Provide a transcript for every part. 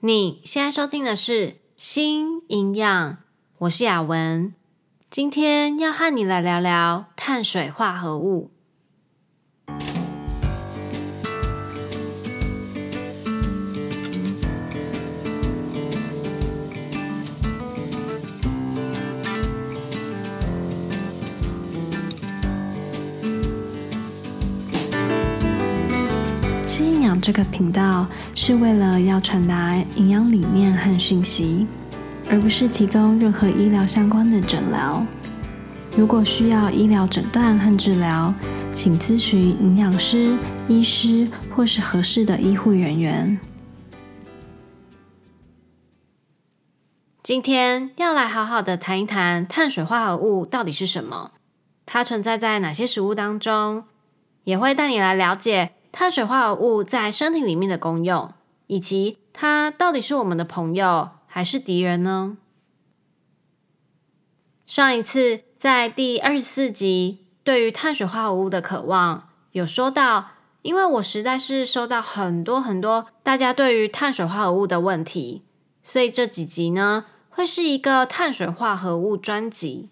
你現在收聽的是《心營養》，我是雅雯，今天要和你來聊聊碳水化合物。這個頻道是為了要傳達營養理念和訊息，而不是提供任何醫療相關的診療。如果需要醫療診斷和治療，請諮詢營養師、醫師或是合適的醫護人員。今天要來好好的談一談碳，碳水化合物到底是什麼，它存在在哪些食物當中，也會帶你來了解，碳水化合物在身體裡面的功用，以及它到底是我們的朋友還是敵人呢？上一次在第二十四集，對於碳水化合物的渴望有說到，因為我實在是收到很多很多大家對於碳水化合物的問題，所以這幾集呢，會是一個碳水化合物專輯。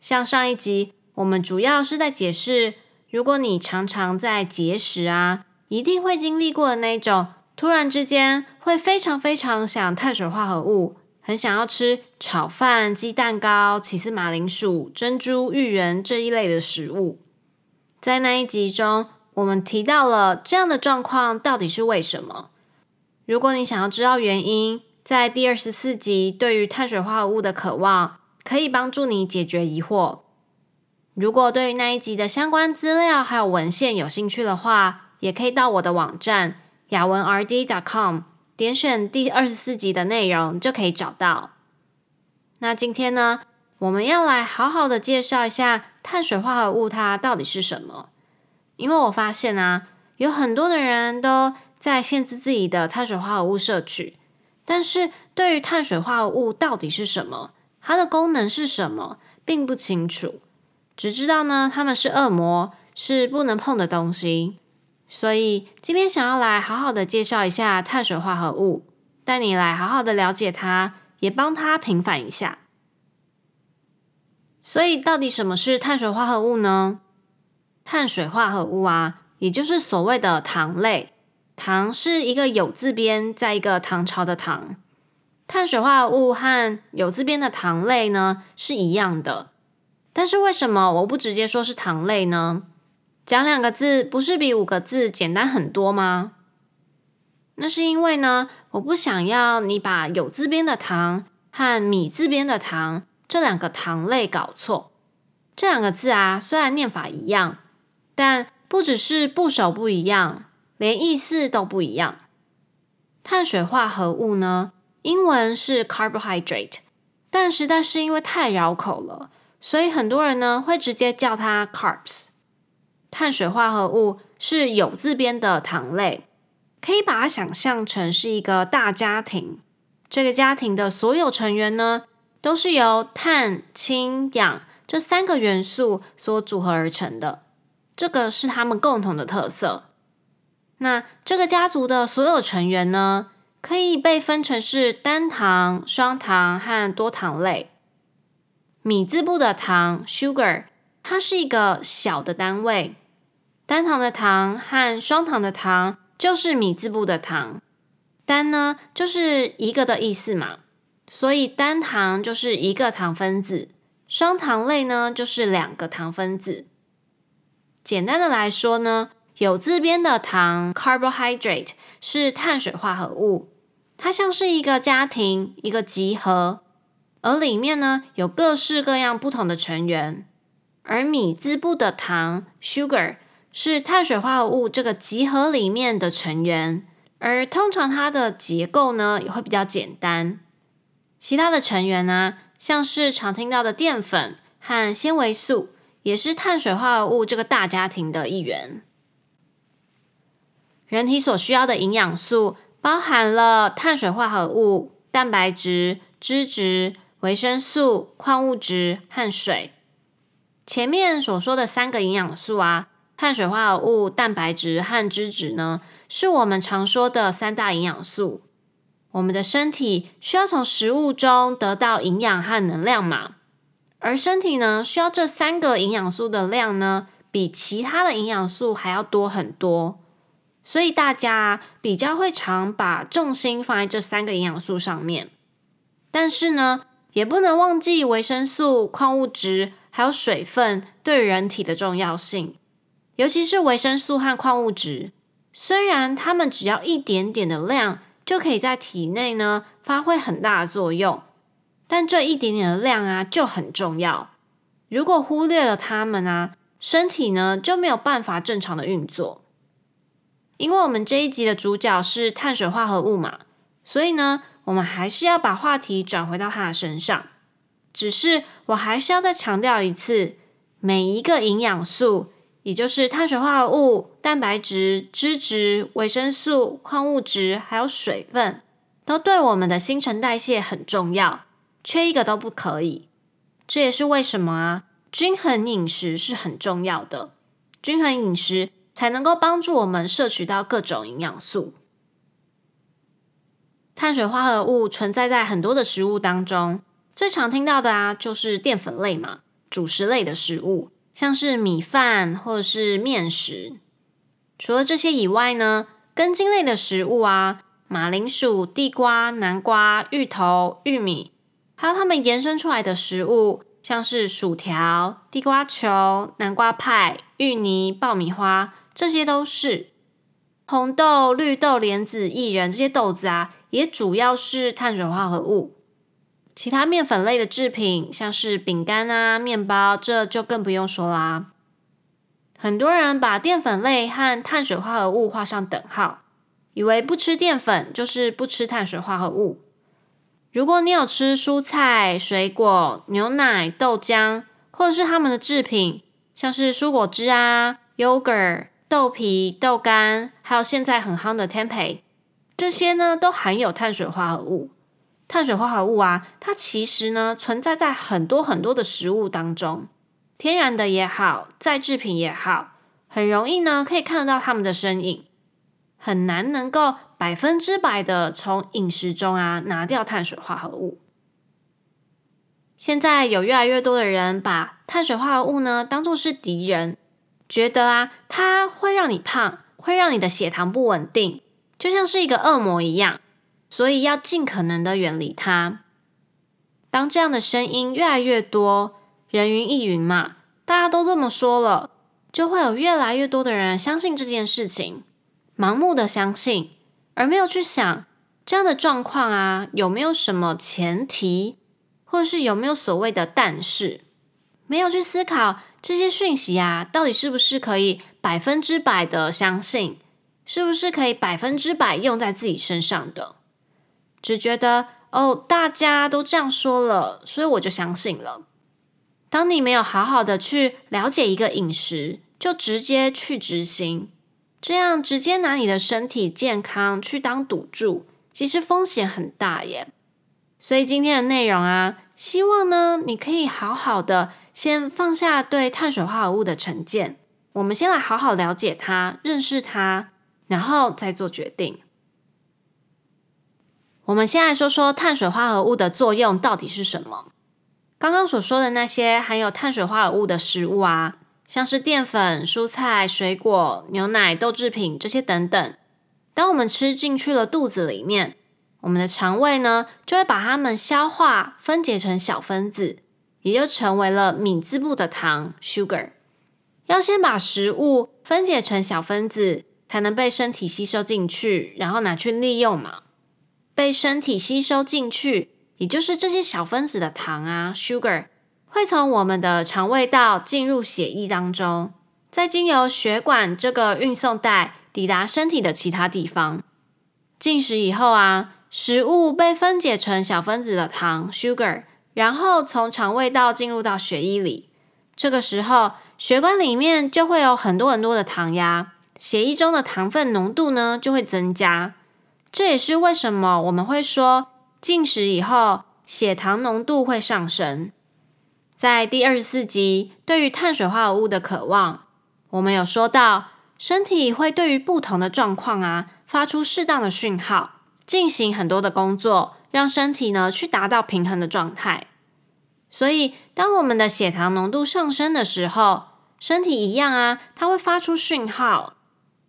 像上一集，我們主要是在解釋。如果你常常在節食啊，一定會經歷過的那種，突然之間會非常非常想碳水化合物，很想要吃炒飯、雞蛋糕、起司馬鈴薯、珍珠、芋圓這一類的食物。在那一集中，我們提到了這樣的狀況到底是為什麼。如果你想要知道原因，在第二十四集對於碳水化合物的渴望，可以幫助你解決疑惑。如果對於那一集的相關資料還有文獻有興趣的話，也可以到我的網站雅文 RD dot com，點選第二十四集的內容就可以找到。那今天呢，我們要來好好的介紹一下碳水化合物它到底是什麼。因為我發現啊，有很多的人都在限制自己的碳水化合物攝取，但是對於碳水化合物到底是什麼，它的功能是什麼，並不清楚。只知道呢，他們是惡魔，是不能碰的東西。所以今天想要來好好的介紹一下碳水化合物，帶你來好好的了解它，也幫它平反一下。所以到底什麼是碳水化合物呢？碳水化合物啊，也就是所謂的醣類。醣是一個酉字邊，再一個唐朝的唐。碳水化合物和酉字邊的醣類呢，是一樣的。但是為什麼我不直接說是醣類呢？講兩個字不是比五個字簡單很多嗎？那是因為呢，我不想要你把酉字邊的醣和米字邊的糖這兩個糖類搞錯。這兩個字啊，雖然念法一樣，但不只是部首不一樣，連意思都不一樣。碳水化合物呢，英文是 carbohydrate，但實在是因為太繞口了。所以很多人呢會，直接叫它 carbs，碳水化合物是有酉字邊的醣類，可以把它想象成是一個大家庭。這個家庭的所有成員呢，都是由碳、氫、氧這三個元素所組合而成的，這個是他們共同的特色。那這個家族的所有成員呢，可以被分成是單糖、雙糖和多糖類。米字部的糖 （sugar） 它是一個小的單位，單糖的糖和雙糖的糖就是米字部的糖。單呢就是一個的意思嘛，所以單糖就是一個糖分子，雙糖類呢就是兩個糖分子。簡單的來說呢，酉字邊的醣 （carbohydrate） 是碳水化合物，它像是一個家庭，一個集合。而裡面呢，有各式各樣不同的成員。而米、滋布的糖 （sugar） 是碳水化合物這個集合裡面的成員。而通常它的結構呢，也會比較簡單。其他的成員呢，像是常聽到的澱粉和纖維素，也是碳水化合物這個大家庭的一員。人體所需要的營養素，包含了碳水化合物、蛋白質、脂質。維生素、礦物質和水，前面所說的三個營養素啊，碳水化合物、蛋白質和脂質呢，是我們常說的三大營養素。我們的身體需要從食物中得到營養和能量嘛，而身體呢，需要這三個營養素的量呢，比其他的營養素還要多很多，所以大家比較會常把重心放在這三個營養素上面。但是呢，也不能忘記維生素、礦物質還有水分對人體的重要性，尤其是維生素和礦物質。雖然它們只要一點點的量就可以在體內呢發揮很大的作用，但這一點點的量啊就很重要。如果忽略了它們啊，身體呢就沒有辦法正常的運作。因為我們這一集的主角是碳水化合物嘛，所以呢。我們還是要把話題轉回到他的身上，只是我還是要再強調一次，每一個營養素，也就是碳水化合物、蛋白質、脂質、維生素、礦物質，還有水分，都對我們的新陳代謝很重要，缺一個都不可以。這也是為什麼啊，均衡飲食是很重要的，均衡飲食才能夠幫助我們攝取到各種營養素。碳水化合物存在在很多的食物當中，最常聽到的啊，就是澱粉類嘛，主食類的食物，像是米飯或者是麵食。除了這些以外呢，根莖類的食物啊，馬鈴薯、地瓜、南瓜、芋頭、玉米，還有它們延伸出來的食物，像是薯條、地瓜球、南瓜派、芋泥、爆米花，這些都是。紅豆、綠豆、蓮子、薏仁這些豆子啊。也主要是碳水化合物，其他麵粉類的製品，像是餅乾啊、麵包，這就更不用說啦、啊。很多人把澱粉類和碳水化合物畫上等號，以為不吃澱粉就是不吃碳水化合物。如果你有吃蔬菜、水果、牛奶、豆漿，或者是他們的製品，像是蔬果汁啊、yogurt、豆皮、豆干，還有現在很夯的 tempeh。這些呢，都含有碳水化合物。碳水化合物啊，它其實呢存在在很多很多的食物當中，天然的也好，再製品也好，很容易呢可以看得到它們的身影，很難能夠百分之百的從飲食中啊拿掉碳水化合物。現在有越來越多的人把碳水化合物呢當做是敵人，覺得啊它會讓你胖，會讓你的血糖不穩定。就像是一個惡魔一樣，所以要盡可能的遠離它。當這樣的聲音越來越多，人云亦云嘛，大家都這麼說了，就會有越來越多的人相信這件事情，盲目的相信，而沒有去想，這樣的狀況啊，有沒有什麼前提，或者是有沒有所謂的但是，沒有去思考，這些訊息啊，到底是不是可以百分之百的相信。是不是可以百分之百用在自己身上的？只覺得哦，大家都這樣說了，所以我就相信了。當你沒有好好的去了解一個飲食，就直接去執行，這樣直接拿你的身體健康去當賭注，其實風險很大耶。所以今天的內容啊，希望呢，你可以好好的先放下對碳水化合物的成見，我們先來好好了解它，認識它。然後再做決定。我們先來說說碳水化合物的作用到底是什麼。剛剛所說的那些含有碳水化合物的食物啊，像是澱粉、蔬菜、水果、牛奶、豆製品這些等等，當我們吃進去了肚子裡面，我們的腸胃呢，就會把它們消化分解成小分子，也就成為了米字部的糖 （sugar）。要先把食物分解成小分子。才能被身體吸收進去，然後拿去利用嘛。被身體吸收進去，也就是這些小分子的糖啊 （sugar） 會從我們的腸胃道進入血液當中，再經由血管這個運送帶抵達身體的其他地方。進食以後啊，食物被分解成小分子的糖 （sugar），然後從腸胃道進入到血液裡。這個時候，血管裡面就會有很多很多的糖呀。血液中的糖分濃度呢，就會增加。這也是為什麼我們會說進食以後血糖濃度會上升。在第二十四集對於碳水化合物的渴望，我們有說到身體會對於不同的狀況啊，發出適當的訊號，進行很多的工作，讓身體呢去達到平衡的狀態。所以當我們的血糖濃度上升的時候，身體一樣啊，它會發出訊號。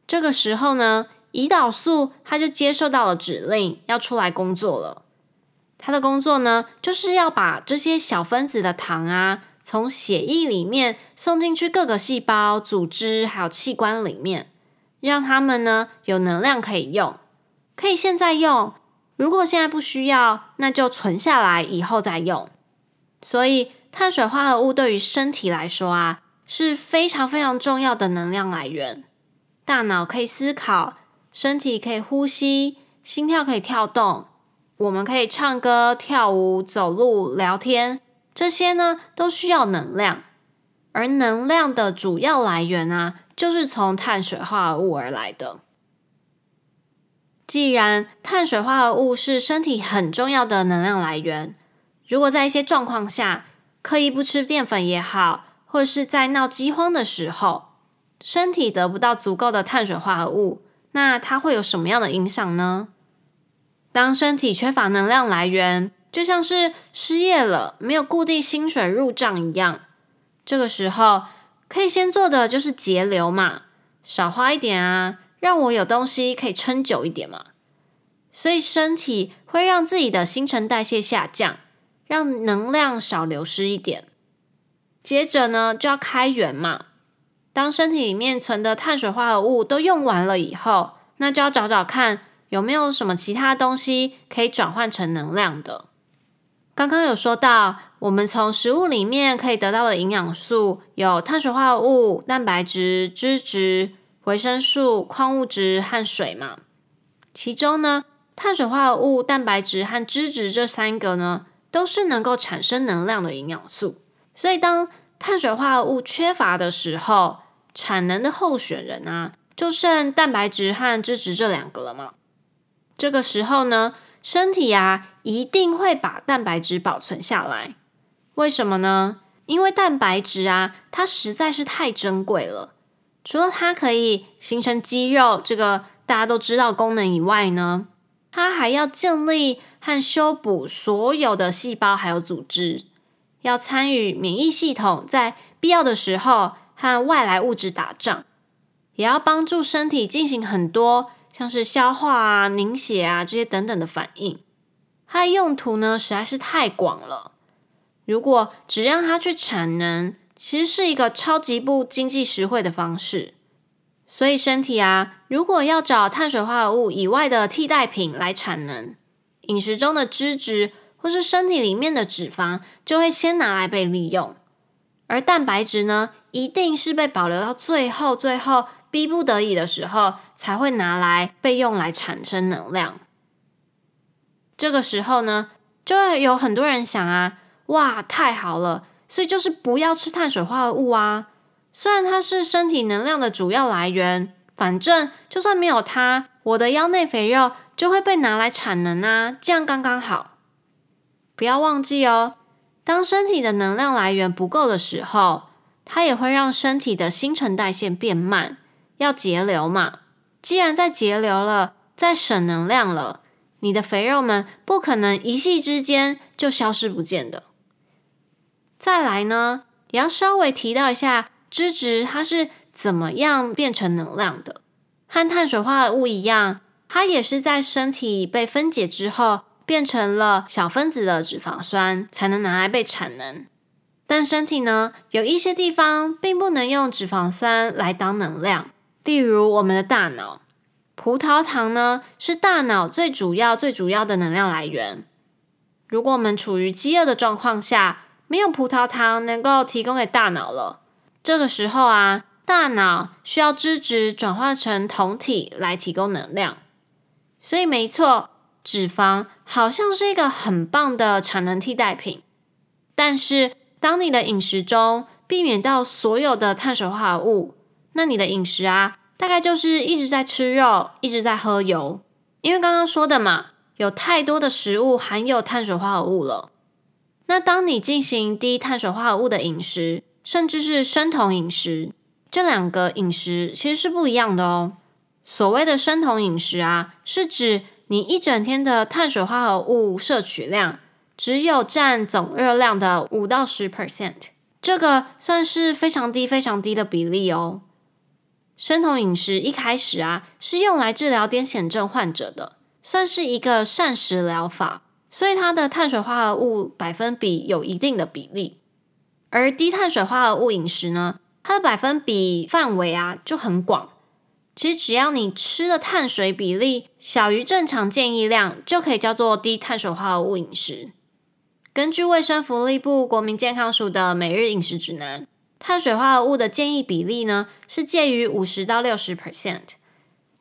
這個時候呢，胰島素它就接受到了指令，要出來工作了。它的工作呢，就是要把這些小分子的糖啊，從血液裡面送進去各個細胞、組織還有器官裡面，讓它們呢有能量可以用，可以現在用。如果現在不需要，那就存下來以後再用。所以，碳水化合物對於身體來說啊，是非常非常重要的能量來源。大腦可以思考，身體可以呼吸，心跳可以跳動，我們可以唱歌、跳舞、走路、聊天，這些呢都需要能量。而能量的主要來源啊，就是從碳水化合物而來的。既然碳水化合物是身體很重要的能量來源，如果在一些狀況下，刻意不吃澱粉也好，或是在鬧饑荒的時候，身體得不到足夠的碳水化合物，那它會有什麼樣的影響呢？當身體缺乏能量來源，就像是失業了，沒有固定薪水入賬一樣。這個時候可以先做的就是節流嘛，少花一點啊，讓我有東西可以撐久一點嘛。所以身體會讓自己的新陳代謝下降，讓能量少流失一點。接着呢，就要開源嘛。當身體裡面存的碳水化合物都用完了以後，那就要找找看有沒有什麼其他東西可以轉換成能量的。剛剛有說到，我們從食物裡面可以得到的營養素有碳水化合物、蛋白質、脂質、維生素、礦物質和水嘛。其中呢，碳水化合物、蛋白質和脂質這三個呢，都是能夠產生能量的營養素。所以當碳水化合物缺乏的時候，產能的候選人啊，就剩蛋白質和脂質這兩個了嘛。這個時候呢，身體啊一定會把蛋白質保存下來。為什麼呢？因為蛋白質啊，它實在是太珍貴了。除了它可以形成肌肉，這個大家都知道功能以外呢，它還要建立和修補所有的細胞還有組織。要參與免疫系統，在必要的時候和外來物質打仗，也要幫助身體進行很多像是消化啊、凝血啊這些等等的反應。它的用途呢，實在是太廣了。如果只讓它去產能，其實是一個超級不經濟實惠的方式。所以身體啊，如果要找碳水化合物以外的替代品來產能，飲食中的脂質，或是身體裡面的脂肪就會先拿來被利用，而蛋白質呢，一定是被保留到最後，最後逼不得已的時候才會拿來被用來產生能量。這個時候呢，就會有很多人想啊，哇，太好了！所以就是不要吃碳水化合物啊，雖然它是身體能量的主要來源，反正就算沒有它，我的腰內肥肉就會被拿來產能啊，這樣剛剛好。不要忘記哦，當身體的能量來源不夠的時候，它也會讓身體的新陳代謝變慢，要節流嘛。既然在節流了，在省能量了，你的肥肉們不可能一夕之間就消失不見的。再來呢，也要稍微提到一下脂質它是怎麼樣變成能量的，和碳水化合物一樣，它也是在身體被分解之後。變成了小分子的脂肪酸，才能拿來被產能。但身體呢，有一些地方並不能用脂肪酸來當能量，例如我們的大腦。葡萄糖呢，是大腦最主要、最主要的能量來源。如果我們處於飢餓的狀況下，沒有葡萄糖能夠提供給大腦了，這個時候啊，大腦需要脂質轉化成酮體來提供能量。所以沒，沒錯。脂肪好像是一個很棒的產能替代品，但是當你的飲食中避免到所有的碳水化合物，那你的飲食啊，大概就是一直在吃肉，一直在喝油，因為剛剛說的嘛，有太多的食物含有碳水化合物了。那當你進行低碳水化合物的飲食，甚至是生酮飲食，這兩個飲食其實是不一樣的哦。所謂的生酮飲食啊，是指。你一整天的碳水化合物攝取量只有占總熱量的五到十 percent，這個算是非常低、非常低的比例哦。生酮飲食一開始啊是用來治療癲癇症、症患者的，算是一個膳食療法，所以它的碳水化合物百分比有一定的比例。而低碳水化合物飲食呢，它的百分比範圍啊就很廣。其實只要你吃的碳水比例小於正常建議量，就可以叫做低碳水化合物飲食。根據衛生福利部國民健康署的每日飲食指南，碳水化合物的建議比例呢，是介於五十到六十 percent。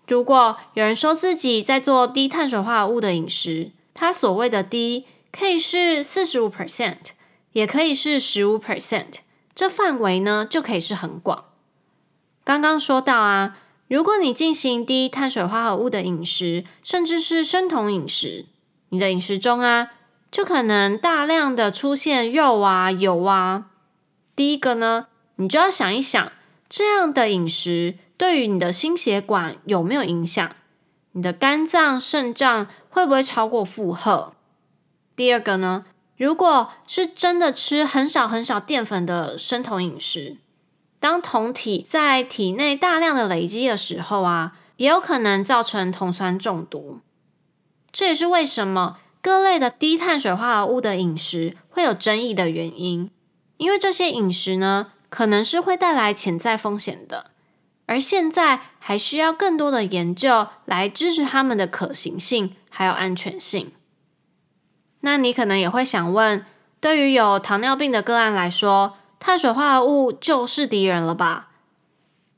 如果有人說自己在做低碳水化合物的飲食，它所謂的低可以是四十五 percent，也可以是十五 percent，這範圍呢就可以是很廣。剛剛說到啊。如果你進行低碳水化合物的飲食，甚至是生酮飲食，你的飲食中啊，就可能大量的出現肉啊、油啊。第一個呢，你就要想一想，這樣的飲食對於你的心血管有沒有影響？你的肝臟、腎臟會不會超過負荷？第二個呢，如果是真的吃很少很少澱粉的生酮飲食。當酮體在體內大量的累積的時候啊，也有可能造成酮酸中毒。這也是為什麼各類的低碳水化合物的飲食會有爭議的原因，因為這些飲食呢，可能是會帶來潛在風險的。而現在還需要更多的研究來支持它們的可行性，還有安全性。那你可能也會想問，對於有糖尿病的個案來說。碳水化合物就是敵人了吧？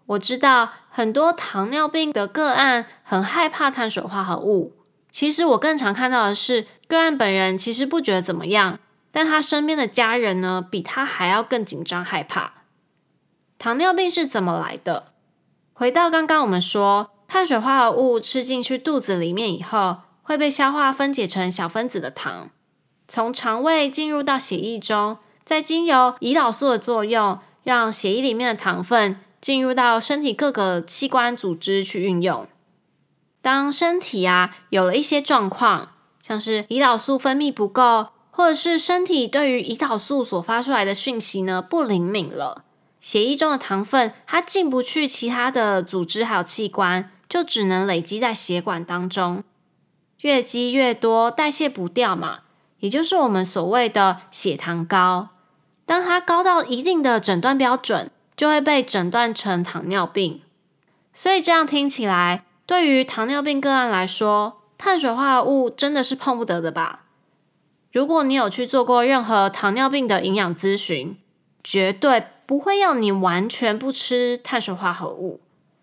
我知道很多糖尿病的個案很害怕碳水化合物。其實我更常看到的是，個案本人其實不覺得怎麼樣，但他身邊的家人呢，比他還要更緊張害怕。糖尿病是怎麼來的？回到剛剛我們說，碳水化合物吃進去肚子裡面以後，會被消化分解成小分子的糖，從腸胃進入到血液中。再經由胰島素的作用，讓血液裡面的糖分進入到身體各個器官組織去運用。當身體啊有了一些狀況，像是胰島素分泌不夠，或者是身體對於胰島素所發出來的訊息呢，不靈敏了，血液中的糖分它進不去其他的組織還有器官，就只能累積在血管當中，越積越多，代謝不掉嘛，也就是我們所謂的血糖高。當它高到一定的診斷標準，就會被診斷成糖尿病。所以這樣聽起來，對於糖尿病個案來說，碳水化合物真的是碰不得的吧？如果你有去做過任何糖尿病的營養諮詢，絕對不會要你完全不吃碳水化合物。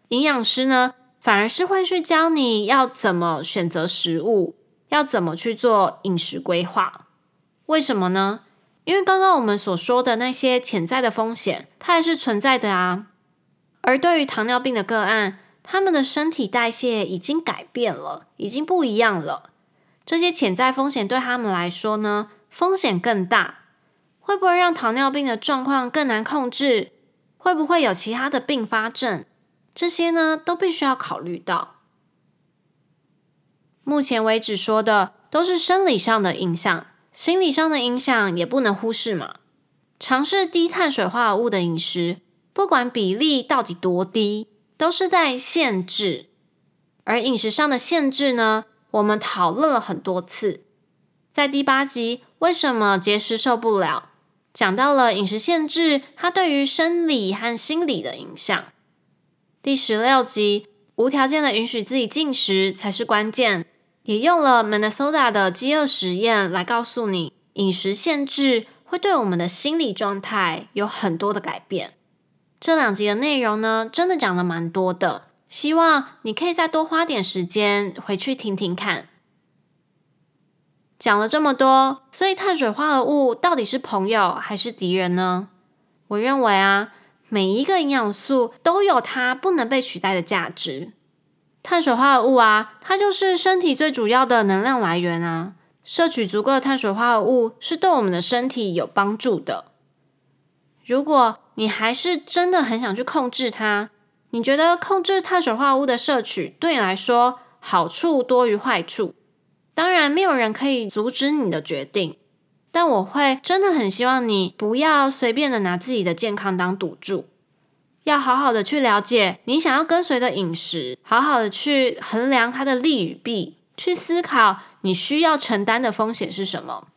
營養師呢，反而是會去教你要怎麼選擇食物，要怎麼去做飲食規劃。為什麼呢？因為剛剛我們所說的那些潛在的風險，它還是存在的啊。而對於糖尿病的個案，他們的身體代謝已經改變了，已經不一樣了。這些潛在風險對他們來說呢，風險更大。會不會讓糖尿病的狀況更難控制？會不會有其他的併發症？這些呢，都必須要考慮到。目前為止說的都是生理上的影響。心理上的影響也不能忽視嘛。嘗試低碳水化合物的飲食，不管比例到底多低，都是在限制。而飲食上的限制呢，我們討論了很多次。在第八集，為什麼節食瘦不了，講到了飲食限制它對於生理和心理的影響。第十六集，無條件的允許自己進食才是關鍵。也用了 Minnesota 的飢餓實驗來告訴你，飲食限制會對我們的心理狀態有很多的改變。這兩集的內容呢，真的講了蠻多的，希望你可以再多花點時間回去聽聽看。講了這麼多，所以碳水化合物到底是朋友還是敵人呢？我認為啊，每一個營養素都有它不能被取代的價值。碳水化合物啊，它就是身體最主要的能量來源啊。攝取足夠的碳水化合物是對我們的身體有幫助的。如果你還是真的很想去控制它，你覺得控制碳水化合物的攝取對你來說好處多於壞處？當然，沒有人可以阻止你的決定，但我會真的很希望你不要隨便的拿自己的健康當賭注。要好好的去了解你想要跟隨的飲食，好好的去衡量它的利與弊，去思考你需要承擔的風險是什麼。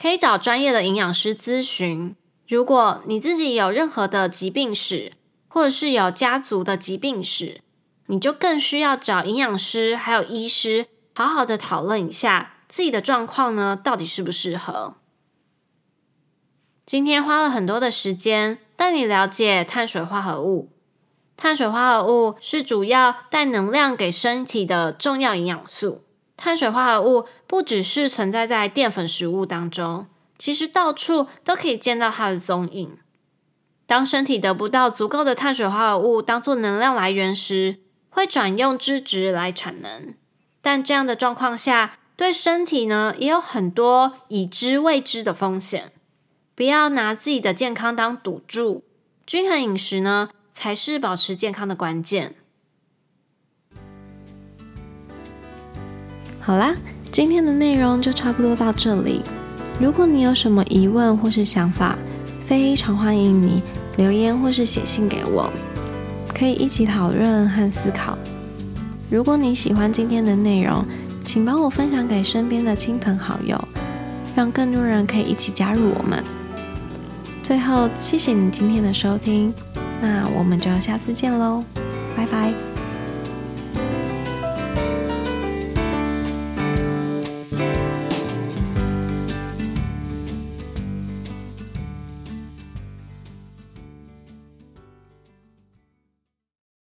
可以找專業的營養師諮詢。如果你自己有任何的疾病史，或者是有家族的疾病史，你就更需要找營養師還有醫師，好好的討論一下自己的狀況呢，到底適不適合。今天花了很多的時間。帶你了解碳水化合物。碳水化合物是主要帶能量給身體的重要營養素。碳水化合物不只是存在在澱粉食物當中，其實到處都可以見到它的蹤影。當身體得不到足夠的碳水化合物當做能量來源時，會轉用脂質來產能。但這樣的狀況下，對身體呢，也有很多已知未知的風險。不要拿自己的健康當賭注，均衡飲食呢才是保持健康的關鍵。好啦，今天的內容就差不多到這裡。如果你有什麼疑問或是想法，非常歡迎你留言或是寫信給我，可以一起討論和思考。如果你喜歡今天的內容，請幫我分享給身邊的親朋好友，讓更多人可以一起加入我們。最後，謝謝你今天的收聽，那我們就下次見嘍，拜拜。